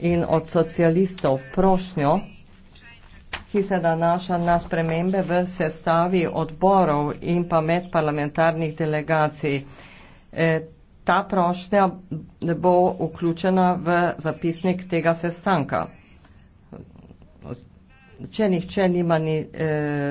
in od socialistov prošnjo, ki se današa na spremembe v sestavi odborov in pa med parlamentarnih delegacij. E, ta prošnja bo vključena v zapisnik tega sestanka. Če nihče nima ni, e,